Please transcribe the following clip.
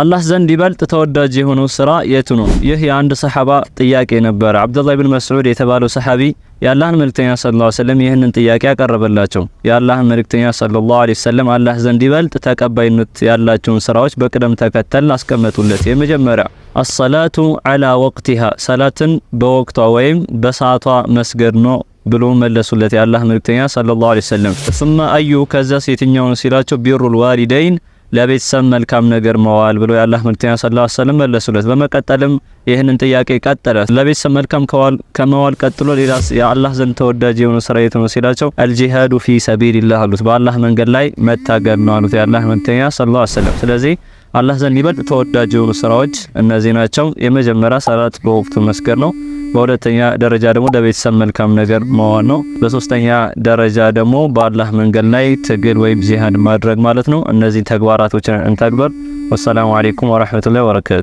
አላህ ዘንድ ይበልጥ ተወዳጅ የሆነው ስራ የቱ ነው? ይህ የአንድ ሰሐባ ጥያቄ ነበረ። አብዱላህ ብን መስዑድ የተባለው ሰሐቢ የአላህን መልእክተኛ ሰለላሁ ዐለይሂ ወሰለም ይህንን ጥያቄ ያቀረበላቸው የአላህን መልእክተኛ ሰለላሁ ዐለይሂ ወሰለም አላህ ዘንድ ይበልጥ ተቀባይነት ያላቸውን ስራዎች በቅደም ተከተል አስቀመጡለት። የመጀመሪያ አሰላቱ ዐላ ወቅቲሃ፣ ሰላትን በወቅቷ ወይም በሰዓቷ መስገድ ነው ብሎ መለሱለት የአላህ መልእክተኛ ሰለላሁ ዐለይሂ ወሰለም። ሱመ አዩ ከዚያስ የትኛውን ሲላቸው ቢሩል ዋሊደይን ለቤተሰብ መልካም ነገር መዋል ብሎ የአላህ መልክተኛ ሰለላሁ ዐለይሂ ወሰለም መለሱለት። በመቀጠልም ይህንን ጥያቄ ቀጠለ። ለቤተሰብ መልካም ከዋል ከመዋል ቀጥሎ ሌላ የአላህ ዘንድ ተወዳጅ የሆነ ስራ የት ነው ሲላቸው አልጂሃዱ ፊ ሰቢልላህ አሉት። በአላህ መንገድ ላይ መታገል ነው አሉት የአላህ መልክተኛ ሰለላሁ ዐለይሂ ወሰለም። ስለዚህ አላህ ዘንድ ይበልጥ ተወዳጅ የሆኑ ስራዎች እነዚህ ናቸው። የመጀመሪያ ሰላት በወቅቱ መስገድ ነው። በሁለተኛ ደረጃ ደግሞ ለቤተሰብ መልካም ነገር መሆን ነው። በሶስተኛ ደረጃ ደግሞ በአላህ መንገድ ላይ ትግል ወይም ጂሃድ ማድረግ ማለት ነው። እነዚህ ተግባራቶችን እንተግበር። ወሰላሙ አሌይኩም ወረህመቱላሂ ወበረካቱ